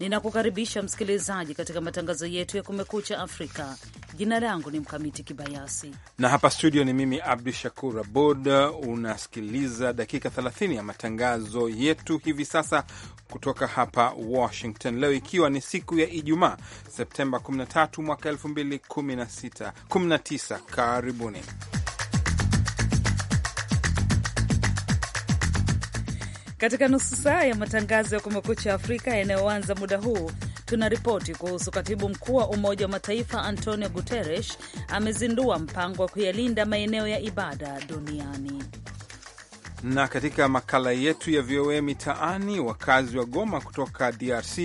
Ninakukaribisha msikilizaji katika matangazo yetu ya Kumekucha Afrika. Jina langu ni Mkamiti Kibayasi na hapa studio ni mimi Abdu Shakur Abud. Unasikiliza dakika 30 ya matangazo yetu hivi sasa kutoka hapa Washington, leo ikiwa ni siku ya Ijumaa Septemba 13 mwaka 2019. Karibuni. Katika nusu saa ya matangazo ya Kumekucha Afrika yanayoanza muda huu, tuna ripoti kuhusu katibu mkuu wa Umoja wa Mataifa Antonio Guterres amezindua mpango wa kuyalinda maeneo ya ibada duniani na katika makala yetu ya VOA Mitaani, wakazi wa Goma kutoka DRC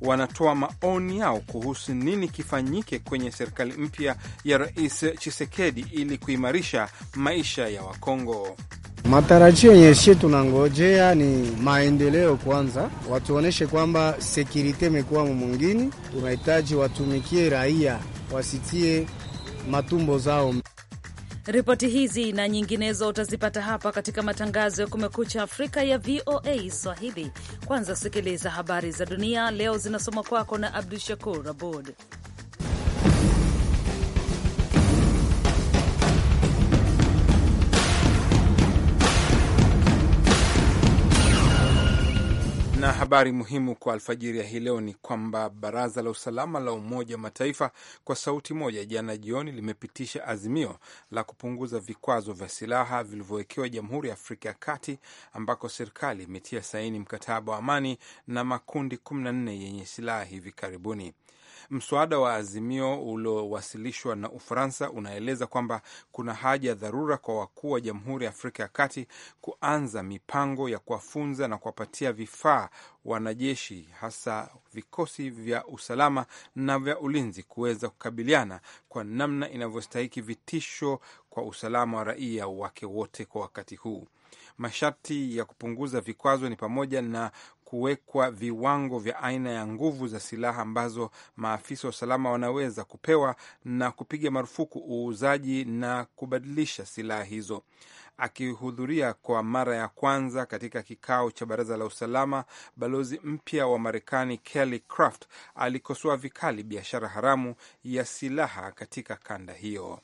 wanatoa maoni yao kuhusu nini kifanyike kwenye serikali mpya ya Rais Chisekedi ili kuimarisha maisha ya Wakongo. Matarajio yenye sie tunangojea ni maendeleo kwanza, watuoneshe kwamba sekirite imekuwa mwingine, tunahitaji watumikie raia, wasitie matumbo zao. Ripoti hizi na nyinginezo utazipata hapa katika matangazo ya Kumekucha Afrika ya VOA Swahili. Kwanza sikiliza habari za dunia leo, zinasoma kwako na Abdu Shakur Abud. Na habari muhimu kwa alfajiri ya hii leo ni kwamba baraza la usalama la Umoja wa Mataifa kwa sauti moja jana jioni limepitisha azimio la kupunguza vikwazo vya silaha vilivyowekewa Jamhuri ya Afrika ya Kati, ambako serikali imetia saini mkataba wa amani na makundi 14 yenye silaha hivi karibuni. Mswada wa azimio uliowasilishwa na Ufaransa unaeleza kwamba kuna haja ya dharura kwa wakuu wa Jamhuri ya Afrika ya Kati kuanza mipango ya kuwafunza na kuwapatia vifaa wanajeshi, hasa vikosi vya usalama na vya ulinzi, kuweza kukabiliana kwa namna inavyostahiki vitisho kwa usalama wa raia wake wote kwa wakati huu. Masharti ya kupunguza vikwazo ni pamoja na kuwekwa viwango vya aina ya nguvu za silaha ambazo maafisa wa usalama wanaweza kupewa na kupiga marufuku uuzaji na kubadilisha silaha hizo. Akihudhuria kwa mara ya kwanza katika kikao cha baraza la usalama, balozi mpya wa Marekani Kelly Craft alikosoa vikali biashara haramu ya silaha katika kanda hiyo.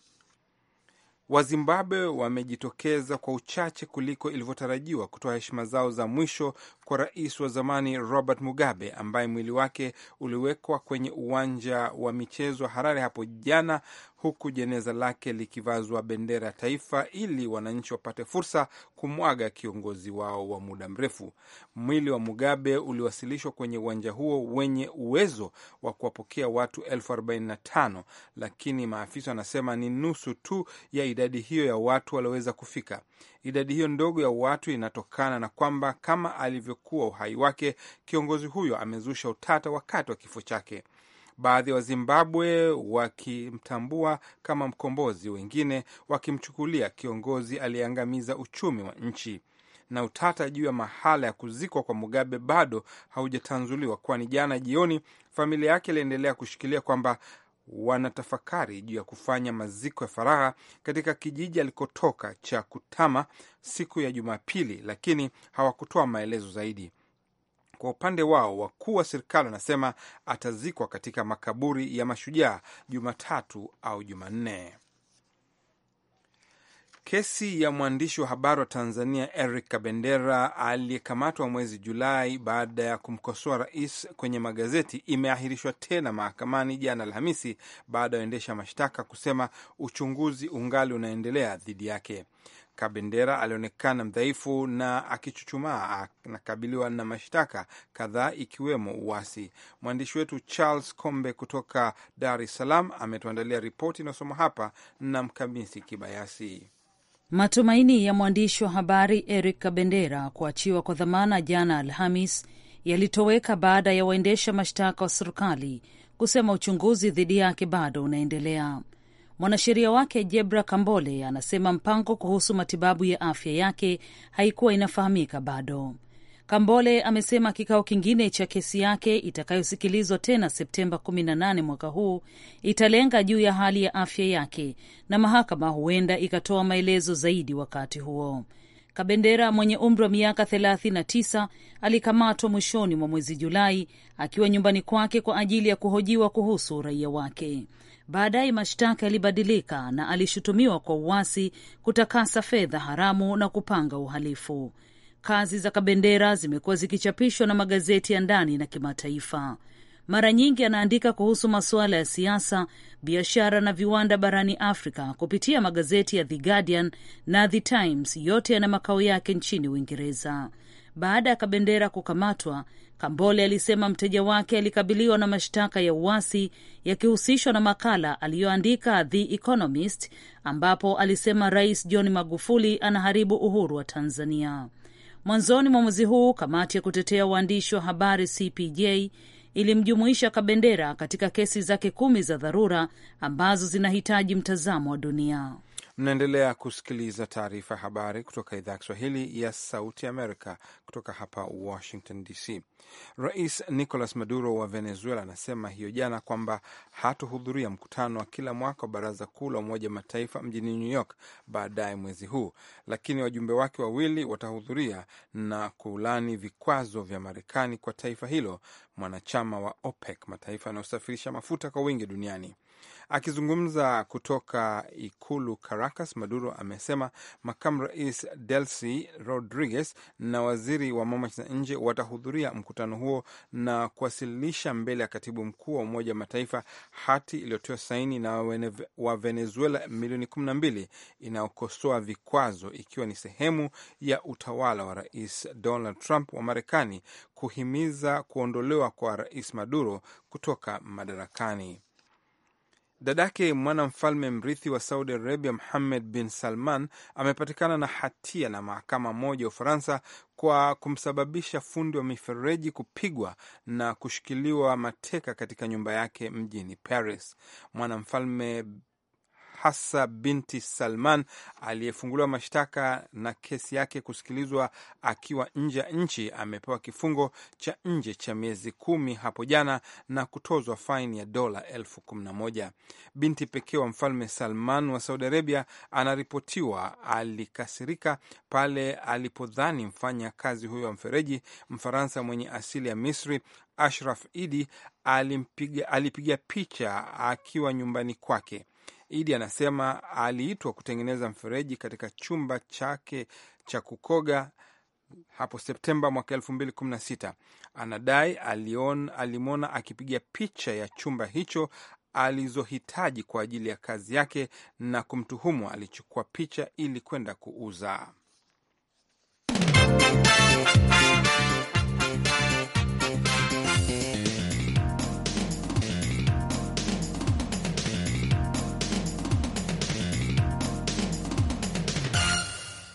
Wazimbabwe wamejitokeza kwa uchache kuliko ilivyotarajiwa kutoa heshima zao za mwisho kwa rais wa zamani Robert Mugabe ambaye mwili wake uliwekwa kwenye uwanja wa michezo Harare hapo jana huku jeneza lake likivazwa bendera ya taifa ili wananchi wapate fursa kumwaga kiongozi wao wa muda mrefu. Mwili wa Mugabe uliwasilishwa kwenye uwanja huo wenye uwezo wa kuwapokea watu elfu arobaini na tano lakini maafisa wanasema ni nusu tu ya idadi hiyo ya watu walioweza kufika. Idadi hiyo ndogo ya watu inatokana na kwamba kama alivyokuwa uhai wake, kiongozi huyo amezusha utata wakati wa kifo chake baadhi ya wa Wazimbabwe wakimtambua kama mkombozi, wengine wakimchukulia kiongozi aliyeangamiza uchumi wa nchi. Na utata juu ya mahala ya kuzikwa kwa Mugabe bado haujatanzuliwa, kwani jana jioni familia yake iliendelea kushikilia kwamba wanatafakari juu ya kufanya maziko ya faragha katika kijiji alikotoka cha Kutama siku ya Jumapili, lakini hawakutoa maelezo zaidi. Kwa upande wao, wakuu wa serikali wanasema atazikwa katika makaburi ya mashujaa Jumatatu au Jumanne. Kesi ya mwandishi wa habari wa Tanzania Eric Kabendera aliyekamatwa mwezi Julai baada ya kumkosoa rais kwenye magazeti imeahirishwa tena mahakamani jana Alhamisi baada ya waendesha mashtaka kusema uchunguzi ungali unaendelea dhidi yake. Kabendera alionekana mdhaifu na akichuchumaa, anakabiliwa na mashtaka kadhaa ikiwemo uasi. Mwandishi wetu Charles Kombe kutoka Dar es Salaam ametuandalia ripoti inayosoma hapa na Mkamisi Kibayasi. Matumaini ya mwandishi wa habari Eric Kabendera kuachiwa kwa dhamana jana Alhamis yalitoweka baada ya waendesha mashtaka wa serikali kusema uchunguzi dhidi yake bado unaendelea. Mwanasheria wake Jebra Kambole anasema mpango kuhusu matibabu ya afya yake haikuwa inafahamika bado. Kambole amesema kikao kingine cha kesi yake itakayosikilizwa tena Septemba 18 mwaka huu italenga juu ya hali ya afya yake na mahakama huenda ikatoa maelezo zaidi wakati huo. Kabendera mwenye umri wa miaka 39 alikamatwa mwishoni mwa mwezi Julai akiwa nyumbani kwake kwa ajili ya kuhojiwa kuhusu uraia wake. Baadaye mashtaka yalibadilika na alishutumiwa kwa uasi, kutakasa fedha haramu na kupanga uhalifu. Kazi za Kabendera zimekuwa zikichapishwa na magazeti ya ndani na kimataifa. Mara nyingi anaandika kuhusu masuala ya siasa, biashara na viwanda barani Afrika kupitia magazeti ya The Guardian na The Times, yote yana makao yake nchini Uingereza baada ya Kabendera kukamatwa, Kambole alisema mteja wake alikabiliwa na mashtaka ya uasi yakihusishwa na makala aliyoandika The Economist, ambapo alisema Rais John Magufuli anaharibu uhuru wa Tanzania. Mwanzoni mwa mwezi huu, kamati ya kutetea waandishi wa habari CPJ ilimjumuisha Kabendera katika kesi zake kumi za dharura ambazo zinahitaji mtazamo wa dunia. Mnaendelea kusikiliza taarifa ya habari kutoka idhaa ya Kiswahili ya Sauti Amerika kutoka hapa Washington DC. Rais Nicolas Maduro wa Venezuela anasema hiyo jana kwamba hatohudhuria mkutano wa kila mwaka wa Baraza Kuu la Umoja wa Mataifa mjini New York baadaye mwezi huu, lakini wajumbe wake wawili watahudhuria na kulani vikwazo vya Marekani kwa taifa hilo mwanachama wa OPEC, mataifa yanayosafirisha mafuta kwa wingi duniani. Akizungumza kutoka ikulu Karachi, Caracas, Maduro amesema makamu rais Delcy Rodriguez na waziri wa mambo ya nje watahudhuria mkutano huo na kuwasilisha mbele ya katibu mkuu wa Umoja wa Mataifa hati iliyotiwa saini na wa Venezuela milioni kumi na mbili inayokosoa vikwazo, ikiwa ni sehemu ya utawala wa rais Donald Trump wa Marekani kuhimiza kuondolewa kwa rais Maduro kutoka madarakani. Dadake mwanamfalme mrithi wa Saudi Arabia Muhammad bin Salman amepatikana na hatia na mahakama moja ya Ufaransa kwa kumsababisha fundi wa mifereji kupigwa na kushikiliwa mateka katika nyumba yake mjini Paris. Mwanamfalme Hassa binti Salman aliyefunguliwa mashtaka na kesi yake kusikilizwa akiwa nje ya nchi amepewa kifungo cha nje cha miezi kumi hapo jana na kutozwa faini ya dola elfu kumi na moja. Binti pekee wa mfalme Salman wa Saudi Arabia anaripotiwa alikasirika pale alipodhani mfanya kazi huyo wa mfereji Mfaransa mwenye asili ya Misri Ashraf Idi alipiga picha akiwa nyumbani kwake. Idi anasema aliitwa kutengeneza mfereji katika chumba chake cha kukoga hapo Septemba mwaka elfu mbili kumi na sita. Anadai alimwona akipiga picha ya chumba hicho alizohitaji kwa ajili ya kazi yake na kumtuhumu alichukua picha ili kwenda kuuza.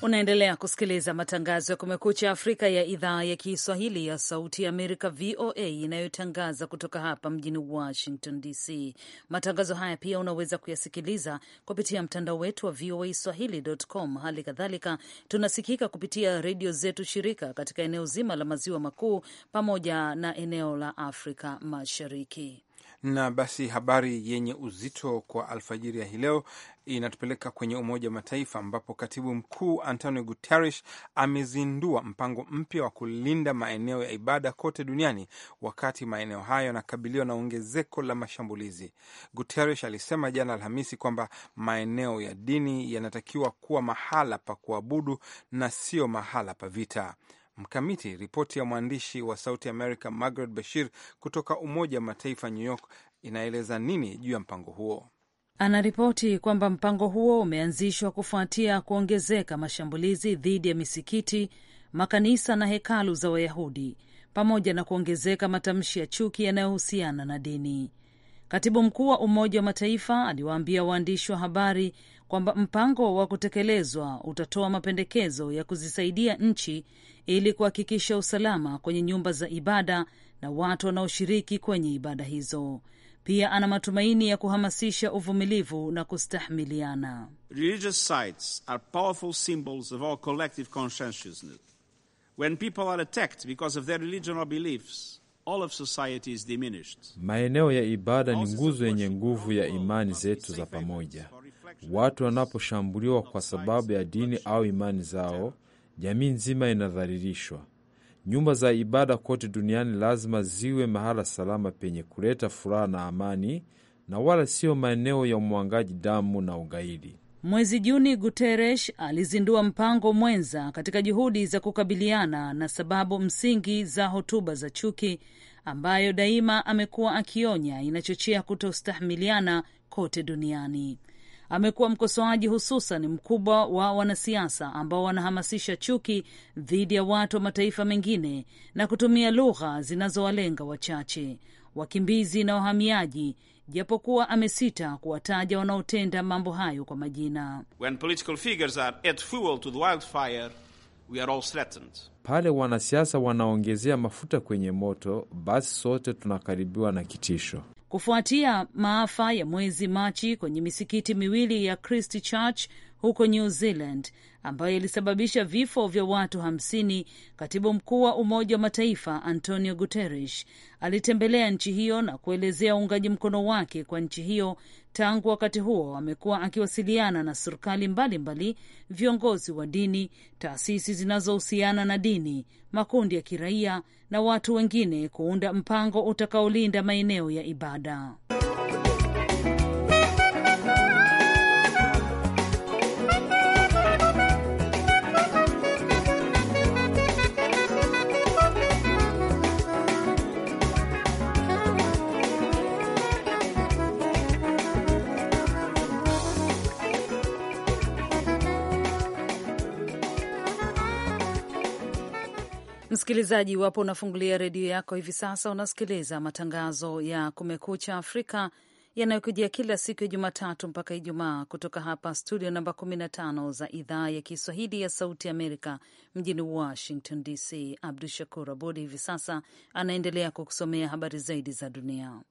Unaendelea kusikiliza matangazo ya Kumekucha Afrika ya idhaa ya Kiswahili ya Sauti ya Amerika, VOA, inayotangaza kutoka hapa mjini Washington DC. Matangazo haya pia unaweza kuyasikiliza kupitia mtandao wetu wa VOA swahili.com. Hali kadhalika tunasikika kupitia redio zetu shirika katika eneo zima la maziwa makuu pamoja na eneo la Afrika Mashariki. Na basi habari yenye uzito kwa alfajiri ya hii leo inatupeleka kwenye Umoja wa Mataifa ambapo katibu mkuu Antonio Guterres amezindua mpango mpya wa kulinda maeneo ya ibada kote duniani wakati maeneo hayo yanakabiliwa na ongezeko la mashambulizi. Guterres alisema jana Alhamisi kwamba maeneo ya dini yanatakiwa kuwa mahala pa kuabudu na sio mahala pa vita. Mkamiti, ripoti ya mwandishi wa Sauti America Margaret Bashir kutoka Umoja wa Mataifa New York inaeleza nini juu ya mpango huo? Anaripoti kwamba mpango huo umeanzishwa kufuatia kuongezeka mashambulizi dhidi ya misikiti, makanisa na hekalu za Wayahudi pamoja na kuongezeka matamshi ya chuki yanayohusiana na dini. Katibu mkuu wa Umoja wa Mataifa aliwaambia waandishi wa habari kwamba mpango wa kutekelezwa utatoa mapendekezo ya kuzisaidia nchi ili kuhakikisha usalama kwenye nyumba za ibada na watu wanaoshiriki kwenye ibada hizo. Pia ana matumaini ya kuhamasisha uvumilivu na kustahimiliana. Religious sites are powerful symbols of our collective conscientiousness. When people are attacked because of their religion or beliefs, all of society is diminished. Maeneo ya ibada ni nguzo yenye nguvu ya imani zetu za pamoja. Watu wanaposhambuliwa kwa sababu ya dini au imani zao Jamii nzima inadhalilishwa. Nyumba za ibada kote duniani lazima ziwe mahala salama penye kuleta furaha na amani, na wala siyo maeneo ya umwangaji damu na ugaidi. Mwezi Juni, Guterres alizindua mpango mwenza katika juhudi za kukabiliana na sababu msingi za hotuba za chuki, ambayo daima amekuwa akionya inachochea kutostahimiliana kote duniani amekuwa mkosoaji hususan mkubwa wa wanasiasa ambao wanahamasisha chuki dhidi ya watu wa mataifa mengine na kutumia lugha zinazowalenga wachache, wakimbizi na wahamiaji, japokuwa amesita kuwataja wanaotenda mambo hayo kwa majina. When political figures are fuel to the wildfire, we are all threatened. Pale wanasiasa wanaongezea mafuta kwenye moto, basi sote tunakaribiwa na kitisho kufuatia maafa ya mwezi Machi kwenye misikiti miwili ya Christchurch huko New Zealand ambayo ilisababisha vifo vya watu hamsini. Katibu mkuu wa Umoja wa Mataifa Antonio Guterres alitembelea nchi hiyo na kuelezea uungaji mkono wake kwa nchi hiyo. Tangu wakati huo amekuwa akiwasiliana na serikali mbalimbali, viongozi wa dini, taasisi zinazohusiana na dini, makundi ya kiraia na watu wengine kuunda mpango utakaolinda maeneo ya ibada. Msikilizaji, iwapo unafungulia redio yako hivi sasa, unasikiliza matangazo ya Kumekucha Afrika yanayokujia kila siku ya Jumatatu mpaka Ijumaa kutoka hapa studio namba 15 za idhaa ya Kiswahili ya Sauti Amerika mjini Washington DC. Abdu Shakur abud hivi sasa anaendelea kukusomea habari zaidi za dunia.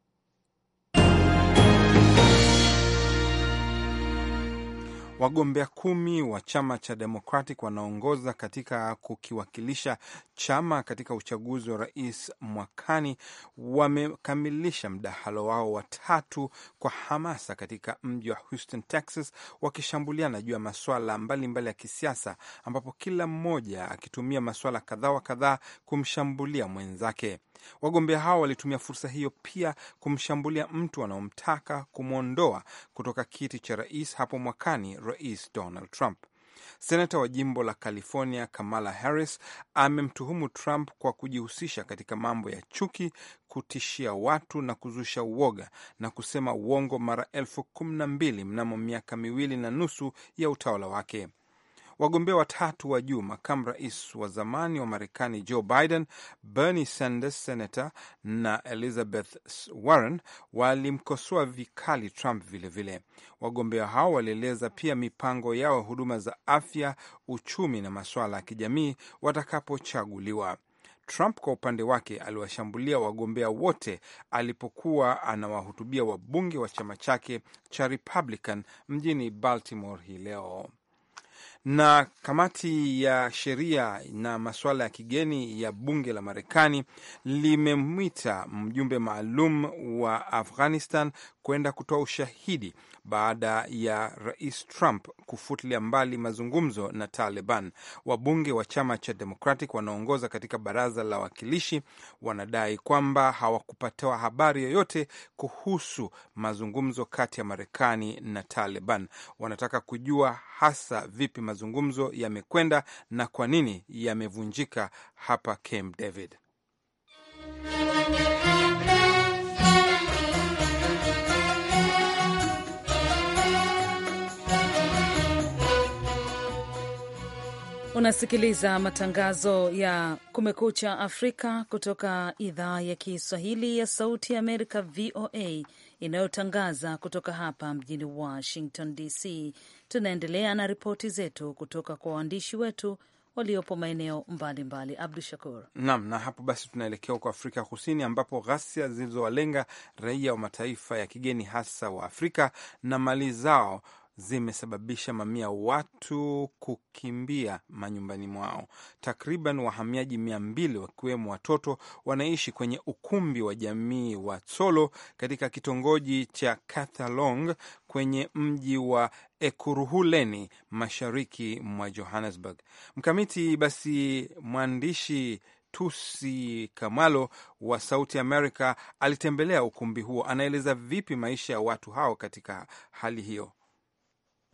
Wagombea kumi wa chama cha Democratic wanaongoza katika kukiwakilisha chama katika uchaguzi wa rais mwakani wamekamilisha mdahalo wao watatu kwa hamasa katika mji wa Houston, Texas, wakishambuliana juu ya maswala mbalimbali ya kisiasa, ambapo kila mmoja akitumia maswala kadhaa wa kadhaa kumshambulia mwenzake. Wagombea hao walitumia fursa hiyo pia kumshambulia mtu anaomtaka kumwondoa kutoka kiti cha rais hapo mwakani, Rais Donald Trump. Senata wa jimbo la California Kamala Harris amemtuhumu Trump kwa kujihusisha katika mambo ya chuki, kutishia watu na kuzusha uoga na kusema uongo mara elfu kumi na mbili mnamo miaka miwili na nusu ya utawala wake. Wagombea watatu wa juu, makamu rais wa zamani wa Marekani Joe Biden, Bernie Sanders senator na Elizabeth Warren walimkosoa vikali Trump vilevile vile. Wagombea hao walieleza pia mipango yao huduma za afya, uchumi na masuala ya kijamii watakapochaguliwa. Trump kwa upande wake aliwashambulia wagombea wote alipokuwa anawahutubia wabunge wa chama chake cha Republican mjini Baltimore hii leo. Na kamati ya sheria na masuala ya kigeni ya bunge la Marekani limemwita mjumbe maalum wa Afghanistan kwenda kutoa ushahidi baada ya rais Trump kufutilia mbali mazungumzo na Taliban. Wabunge wa chama cha Democratic wanaongoza katika baraza la wawakilishi wanadai kwamba hawakupatiwa habari yoyote kuhusu mazungumzo kati ya Marekani na Taliban. Wanataka kujua hasa vipi mazungumzo yamekwenda na kwa nini yamevunjika hapa Camp David. Unasikiliza matangazo ya Kumekucha Afrika kutoka idhaa ya Kiswahili ya Sauti ya Amerika, VOA, inayotangaza kutoka hapa mjini Washington DC. Tunaendelea na ripoti zetu kutoka kwa waandishi wetu waliopo maeneo mbalimbali. Abdu Shakur nam. Na hapo basi, tunaelekea huko Afrika Kusini, ambapo ghasia zilizowalenga raia wa mataifa ya kigeni hasa wa Afrika na mali zao zimesababisha mamia watu kukimbia manyumbani mwao. Takriban wahamiaji mia mbili wakiwemo watoto wanaishi kwenye ukumbi wa jamii wa Tsolo katika kitongoji cha Kathalong kwenye mji wa Ekuruhuleni mashariki mwa Johannesburg. Mkamiti basi, mwandishi Tusi Kamalo wa Sauti america alitembelea ukumbi huo, anaeleza vipi maisha ya watu hao katika hali hiyo.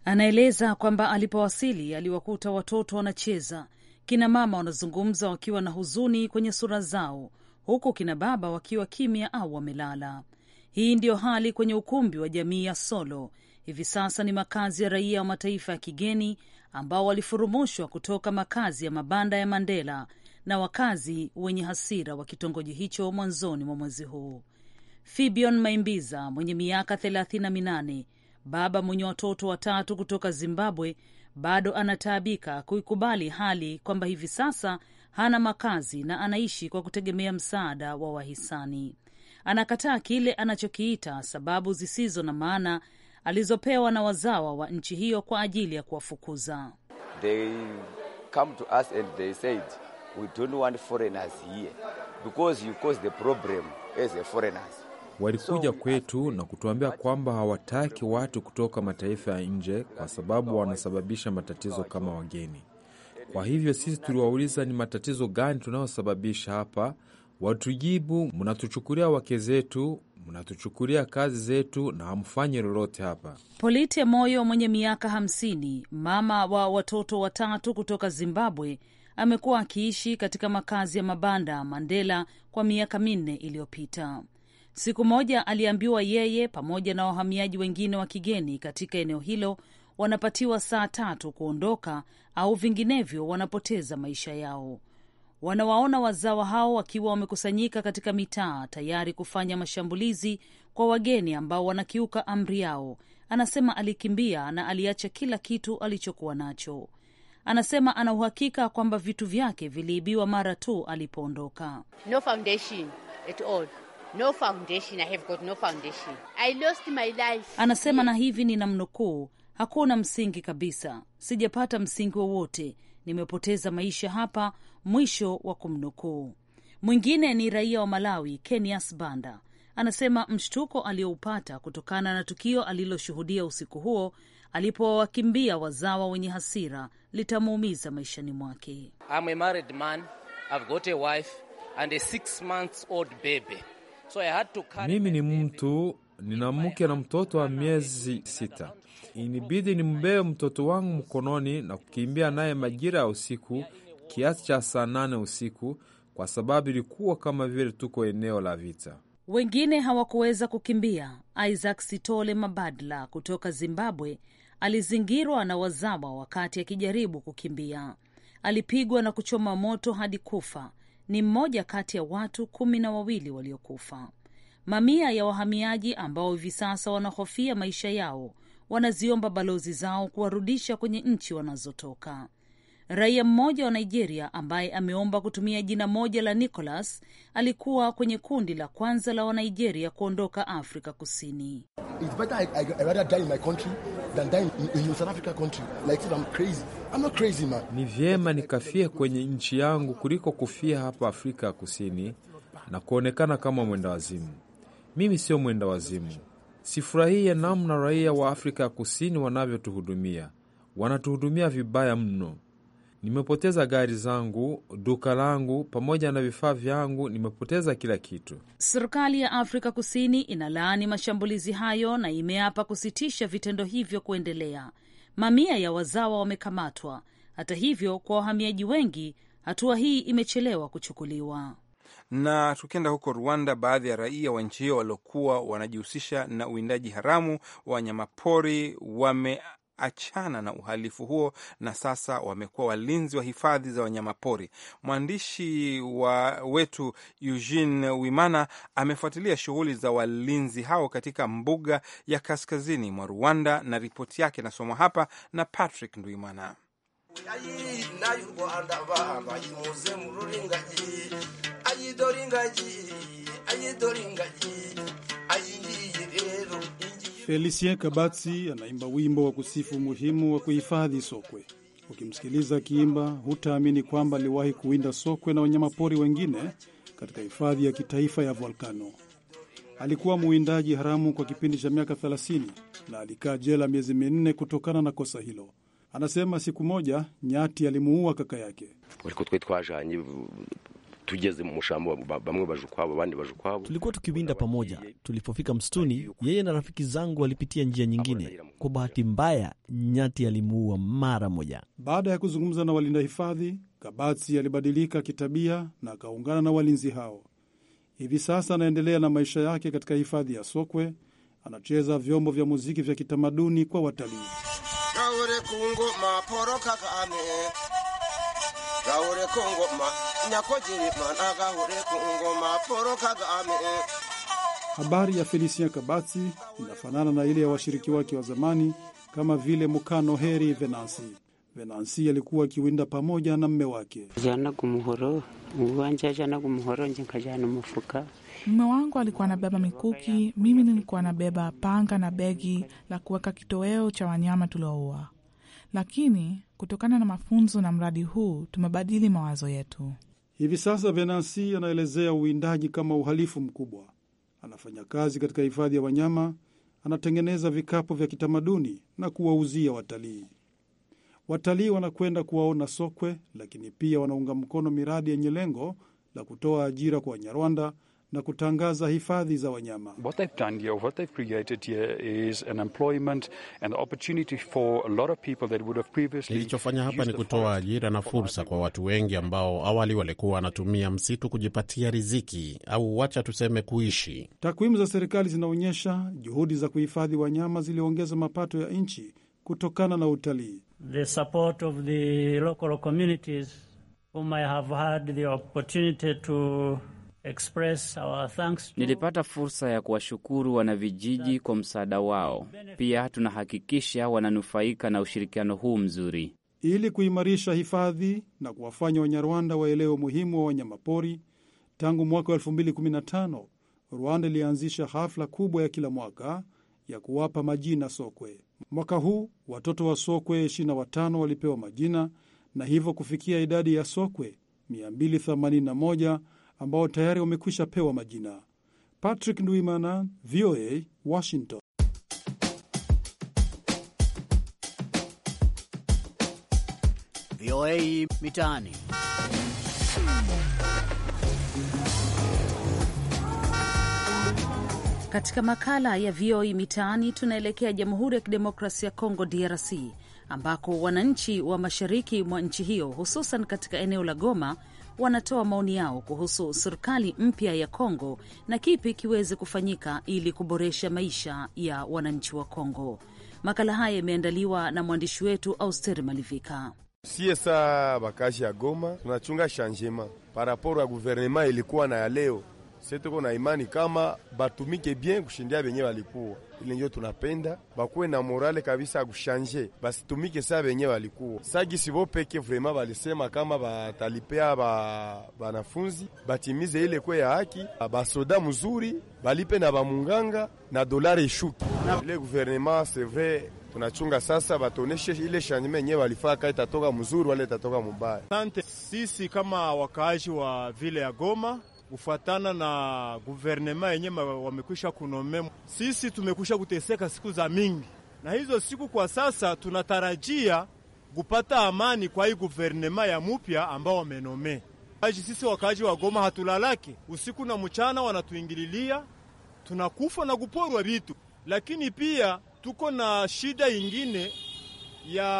Anaeleza kwamba alipowasili aliwakuta watoto wanacheza, kina mama wanazungumza wakiwa na huzuni kwenye sura zao, huku kina baba wakiwa kimya au wamelala. Hii ndiyo hali kwenye ukumbi wa jamii ya Solo hivi sasa. Ni makazi ya raia wa mataifa ya kigeni ambao walifurumushwa kutoka makazi ya mabanda ya Mandela na wakazi wenye hasira wa kitongoji hicho mwanzoni mwa mwezi huu. Fibion Maimbiza mwenye miaka thelathini na minane baba mwenye watoto watatu kutoka Zimbabwe, bado anataabika kuikubali hali kwamba hivi sasa hana makazi na anaishi kwa kutegemea msaada wa wahisani. Anakataa kile anachokiita sababu zisizo na maana alizopewa na wazawa wa nchi hiyo kwa ajili ya kuwafukuza walikuja kwetu na kutuambia kwamba hawataki watu kutoka mataifa ya nje kwa sababu wanasababisha matatizo kama wageni. Kwa hivyo sisi tuliwauliza ni matatizo gani tunayosababisha hapa, watujibu, mnatuchukulia wake zetu mnatuchukulia kazi zetu na hamfanyi lolote hapa. Polite Moyo mwenye miaka hamsini, mama wa watoto watatu kutoka Zimbabwe, amekuwa akiishi katika makazi ya mabanda Mandela kwa miaka minne iliyopita. Siku moja aliambiwa yeye pamoja na wahamiaji wengine wa kigeni katika eneo hilo wanapatiwa saa tatu kuondoka au vinginevyo wanapoteza maisha yao. Wanawaona wazawa hao wakiwa wamekusanyika katika mitaa tayari kufanya mashambulizi kwa wageni ambao wanakiuka amri yao. Anasema alikimbia na aliacha kila kitu alichokuwa nacho. Anasema ana uhakika kwamba vitu vyake viliibiwa mara tu alipoondoka. No foundation at all. No foundation. I have got no foundation. I lost my life. Anasema na hivi ni namnukuu, hakuna msingi kabisa, sijapata msingi wowote, nimepoteza maisha hapa, mwisho wa kumnukuu. Mwingine ni raia wa Malawi Kenias Banda anasema mshtuko aliyoupata kutokana na tukio aliloshuhudia usiku huo alipowakimbia wazawa wenye hasira litamuumiza maishani mwake. I'm a married man, I've got a wife and a six months old baby. So mimi ni mtu nina mke na mtoto wa miezi sita. Inibidi nimbebe mtoto wangu mkononi na kukimbia naye majira ya usiku kiasi cha saa nane usiku, kwa sababu ilikuwa kama vile tuko eneo la vita. Wengine hawakuweza kukimbia. Isaac Sitole Mabadla kutoka Zimbabwe alizingirwa na wazawa wakati akijaribu kukimbia. Alipigwa na kuchoma moto hadi kufa ni mmoja kati ya watu kumi na wawili waliokufa. Mamia ya wahamiaji ambao hivi sasa wanahofia maisha yao wanaziomba balozi zao kuwarudisha kwenye nchi wanazotoka. Raia mmoja wa Nigeria ambaye ameomba kutumia jina moja la Nicholas alikuwa kwenye kundi la kwanza la Wanigeria kuondoka Afrika Kusini. Ni vyema nikafie kwenye nchi yangu kuliko kufia hapa Afrika ya Kusini na kuonekana kama mwenda wazimu. Mimi sio mwenda wazimu. Sifurahie namna raia wa Afrika ya Kusini wanavyotuhudumia, wanatuhudumia vibaya mno. Nimepoteza gari zangu, duka langu, pamoja na vifaa vyangu. Nimepoteza kila kitu. Serikali ya Afrika Kusini inalaani mashambulizi hayo na imeapa kusitisha vitendo hivyo kuendelea. Mamia ya wazawa wamekamatwa. Hata hivyo, kwa wahamiaji wengi, hatua hii imechelewa kuchukuliwa. Na tukienda huko Rwanda, baadhi ya raia wa nchi hiyo waliokuwa wanajihusisha na uwindaji haramu wa wanyamapori wame achana na uhalifu huo na sasa wamekuwa walinzi wa hifadhi za wanyamapori. Mwandishi wa wetu Eugene Wimana amefuatilia shughuli za walinzi hao katika mbuga ya kaskazini mwa Rwanda, na ripoti yake inasomwa hapa na Patrick Ndwimana. Felicien Kabatsi anaimba wimbo wa kusifu umuhimu wa kuhifadhi sokwe. Ukimsikiliza akiimba, hutaamini kwamba aliwahi kuwinda sokwe na wanyamapori wengine katika hifadhi ya kitaifa ya volkano Alikuwa muwindaji haramu kwa kipindi cha miaka 30 na alikaa jela miezi minne kutokana na kosa hilo. Anasema siku moja nyati alimuua kaka yake tugeze mu mushambo bamwe baje abandi baje Tulikuwa tukiwinda pamoja. Tulipofika msituni, yeye na rafiki zangu walipitia njia nyingine. Kwa bahati mbaya, nyati alimuua mara moja. Baada ya kuzungumza na walinda hifadhi, Kabatsi alibadilika kitabia na akaungana na walinzi hao. Hivi sasa anaendelea na maisha yake katika hifadhi ya Sokwe. Anacheza vyombo vya muziki vya kitamaduni kwa watalii. Gaure kungo maporo kaka Gaure kungo ma Habari ya Felicien Kabati inafanana na ile ya washiriki wake wa zamani kama vile Mukano Heri Venansi. Venansi alikuwa akiwinda pamoja na mme wake. Mme wangu alikuwa anabeba mikuki, mimi nilikuwa nabeba panga na begi la kuweka kitoweo cha wanyama tulioua, lakini kutokana na mafunzo na mradi huu tumebadili mawazo yetu. Hivi sasa Venansi anaelezea uwindaji kama uhalifu mkubwa. Anafanya kazi katika hifadhi ya wanyama, anatengeneza vikapu vya kitamaduni na kuwauzia watalii. Watalii wanakwenda kuwaona sokwe, lakini pia wanaunga mkono miradi yenye lengo la kutoa ajira kwa Wanyarwanda na kutangaza hifadhi za wanyama. Kilichofanya hapa ni kutoa ajira na fursa kwa watu wengi ambao awali walikuwa wanatumia msitu kujipatia riziki au wacha tuseme kuishi. Takwimu za serikali zinaonyesha juhudi za kuhifadhi wanyama ziliongeza mapato ya nchi kutokana na utalii. The Nilipata fursa ya kuwashukuru wanavijiji kwa msaada wao. Pia tunahakikisha wananufaika na ushirikiano huu mzuri ili kuimarisha hifadhi na kuwafanya Wanyarwanda waelewe umuhimu wa wanyamapori. Tangu mwaka wa 2015 Rwanda ilianzisha hafla kubwa ya kila mwaka ya kuwapa majina sokwe. Mwaka huu watoto wa sokwe 25 walipewa majina na hivyo kufikia idadi ya sokwe 281 ambao tayari wamekwisha pewa majina. Patrick Ndwimana, VOA, Washington. VOA Mitaani. Katika makala ya VOA Mitaani tunaelekea Jamhuri ya Kidemokrasia ya Kongo, DRC, ambako wananchi wa mashariki mwa nchi hiyo hususan katika eneo la Goma wanatoa maoni yao kuhusu serikali mpya ya Kongo na kipi kiweze kufanyika ili kuboresha maisha ya wananchi wa Kongo. Makala haya yameandaliwa na mwandishi wetu Auster Malivika. Sie saa bakazi ya Goma tunachunga shanjema paraporo ya guvernema ilikuwa na ya leo sie tuko na imani kama batumike bien kushindia benye walikuwa, ile ndio tunapenda bakuwe na morale kabisa ya kushanje, basitumike sa benye walikuwa sagi bo peke. Vrema balisema kama batalipea ba banafunzi batimize ile kwe ya haki, basoda mzuri balipe na bamunganga na dolari ishuki. Ile guvernema c'est vrai tunachunga sasa, batoneshe ile shanjime yenyewe walifaa kai tatoka mzuri wale tatoka mubaya. Sante Sisi kama wakaaji wa vile ya Goma kufuatana na guvernema yenye wamekwisha kunome. Sisi tumekwisha kuteseka siku za mingi, na hizo siku kwa sasa tunatarajia kupata amani kwa hii guvernema ya mupya ambao wamenome. Sisi wakaaji wa Goma hatulalake usiku na mchana, wanatuingililia tunakufa na kuporwa vitu, lakini pia tuko na shida ingine ya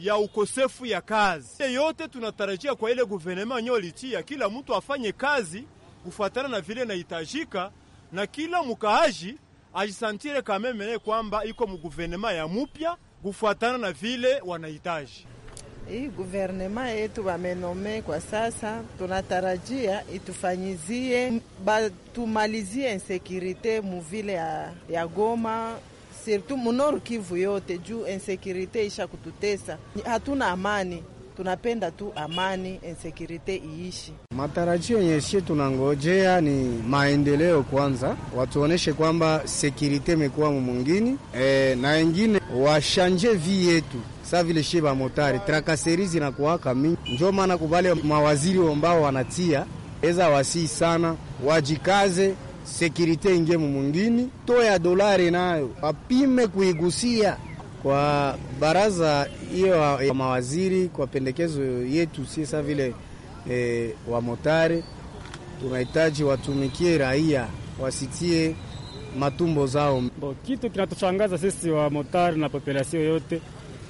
ya ukosefu ya kazi. Yote tunatarajia kwa ile guvernema nyolitia kila mtu afanye kazi kufuatana na vile inahitajika, na kila mkaaji ajisantire kamemene kwamba iko muguvernema ya mupya kufuatana na vile wanahitaji. Hii guvernema yetu wamenome kwa sasa, tunatarajia itufanyizie, batumalizie insekurite muvile ya, ya Goma surtout munoru Kivu yote juu insekurite isha kututesa, hatuna amani, tunapenda tu amani, insekurite iishi. Matarajio yenye sie tunangojea ni maendeleo kwanza, watuoneshe kwamba sekurite imekuwa mumungini e, eh, na wengine washanje vi yetu sa vile shie bamotari trakaseri zinakuwaka mingi, njo maana kubale mawaziri ambao wanatia eza wasii sana, wajikaze sekirite ingie mumungini, to ya dolari nayo wapime kuigusia kwa baraza hiyo ya mawaziri, kwa pendekezo yetu siesa vile e, eh, motari tunahitaji watumikie raia, wasitie matumbo zao. Bo, kitu kinatushangaza sisi motari na populasio yote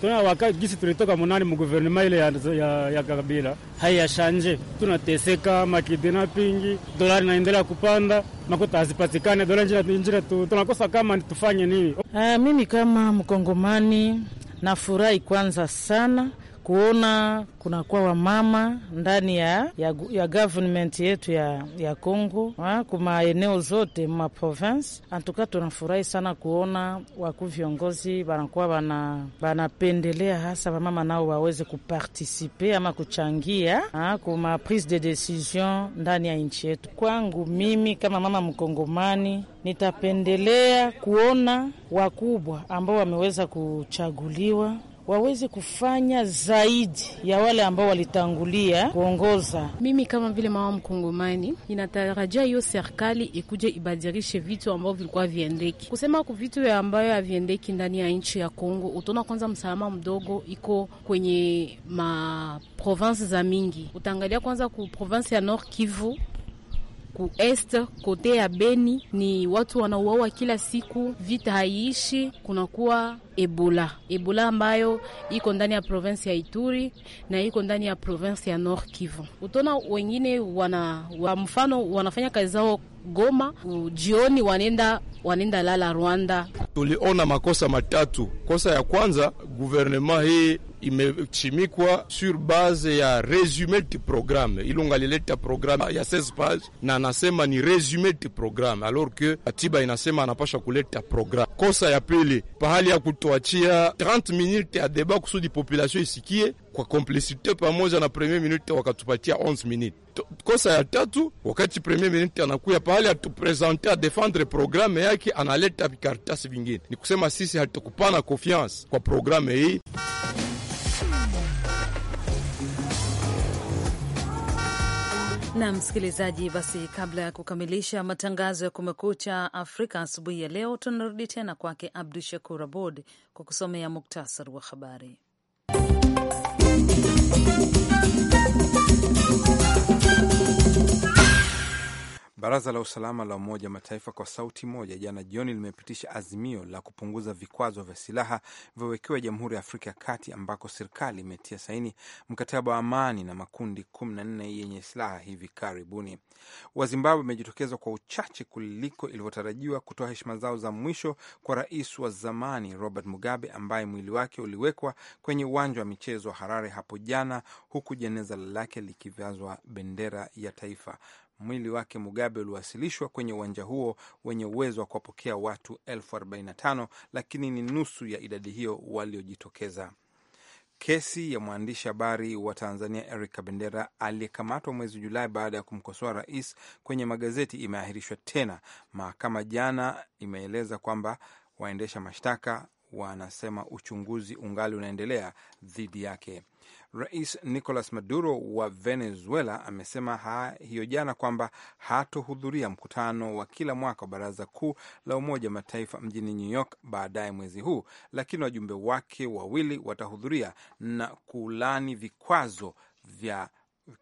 tuna wakati gisi tulitoka munani mu guvernema ile ya, ya, ya Kabila haiyashanje, tunateseka makidina pingi, dolari naendelea kupanda, makuta hazipatikane, dolari njira, tunakosa kama tufanye nini? Uh, mimi kama mkongomani nafurahi kwanza sana kuona kunakuwa wamama ndani ya, ya, ya government yetu ya, ya Congo eneo zote ma province antuka, tunafurahi sana kuona waku viongozi wanakuwa bana hasa wamama nao waweze kupartisipe ama kuchangia kuma prise de decision ndani ya nchi yetu. Kwangu mimi kama mama Mkongomani nitapendelea kuona wakubwa ambao wameweza kuchaguliwa waweze kufanya zaidi ya wale ambao walitangulia kuongoza. Mimi kama vile mama Mkongomani inatarajia hiyo serikali ikuje ibadirishe vitu ambavyo vilikuwa viendeki, kusema ku vitu ambayo haviendeki ndani ya nchi ya Kongo. Utaona kwanza msalama mdogo iko kwenye maprovince za mingi, utaangalia kwanza ku province ya Nord Kivu ku est kote ya Beni ni watu wanauawa kila siku, vita haiishi, kunakuwa Ebola. Ebola ambayo iko ndani ya province ya Ituri na iko ndani ya province ya Nord Kivu. Utona wengine wana wa mfano wanafanya kazi zao Goma, jioni wanenda wanenda lala Rwanda. Tuliona makosa matatu. Kosa ya kwanza, gouvernement hii imechimikwa sur base ya resume de programme. ilunga lileta programme ya 16 page na anasema ni resume de programme alors que katiba inasema anapasha kuleta programme. Kosa ya pili, pahali ya kutu kutuachia 30 minute ya deba kusudi population isikie kwa komplisite pamoja na premier minute wakatupatia 11 minute. Kosa ya tatu, wakati premier minute anakuya pale atupresente a defendre programme yake, analeta vikaratasi vingine. Ni kusema sisi hatukupana confiance kwa programme hii. na msikilizaji, basi kabla ya kukamilisha matangazo ya Kumekucha Afrika asubuhi ya leo, tunarudi tena kwake Abdu Shakur Abod kwa kusomea muktasari wa habari. Baraza la usalama la Umoja wa Mataifa kwa sauti moja jana jioni limepitisha azimio la kupunguza vikwazo vya silaha vilivyowekewa Jamhuri ya Afrika ya Kati, ambako serikali imetia saini mkataba wa amani na makundi kumi na nne yenye silaha hivi karibuni. Wazimbabwe wamejitokeza kwa uchache kuliko ilivyotarajiwa kutoa heshima zao za mwisho kwa rais wa zamani Robert Mugabe ambaye mwili wake uliwekwa kwenye uwanja wa michezo wa Harare hapo jana, huku jeneza lake likivazwa bendera ya taifa. Mwili wake Mugabe uliwasilishwa kwenye uwanja huo wenye uwezo wa kuwapokea watu elfu 45 lakini ni nusu ya idadi hiyo waliojitokeza. Kesi ya mwandishi habari wa Tanzania Eric Kabendera aliyekamatwa mwezi Julai baada ya kumkosoa rais kwenye magazeti imeahirishwa tena. Mahakama jana imeeleza kwamba waendesha mashtaka wanasema uchunguzi ungali unaendelea dhidi yake. Rais Nicolas Maduro wa Venezuela amesema hiyo jana kwamba hatohudhuria mkutano wa kila mwaka wa baraza kuu la Umoja wa Mataifa mjini New York baadaye mwezi huu, lakini wajumbe wake wawili watahudhuria na kulani vikwazo vya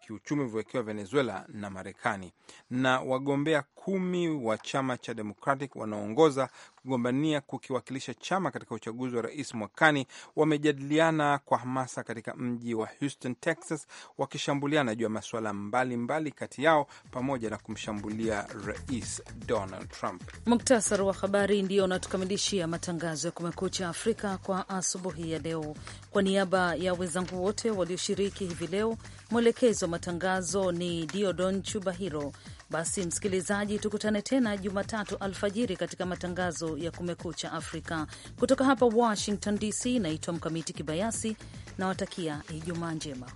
kiuchumi vilivyowekewa Venezuela na Marekani. Na wagombea kumi wa chama cha Democratic wanaoongoza kugombania kukiwakilisha chama katika uchaguzi wa rais mwakani wamejadiliana kwa hamasa katika mji wa Houston, Texas, wakishambuliana juu ya masuala mbalimbali kati yao pamoja na kumshambulia Rais Donald Trump. Muktasari wa habari ndio unatukamilishia matangazo ya Kumekucha Afrika kwa asubuhi ya leo. Kwa niaba ya wenzangu wote walioshiriki hivi leo, mwelekezi wa matangazo ni Diodon Chubahiro. Basi msikilizaji, tukutane tena Jumatatu alfajiri katika matangazo ya Kumekucha Afrika kutoka hapa Washington DC. Naitwa Mkamiti Kibayasi, nawatakia Ijumaa njema.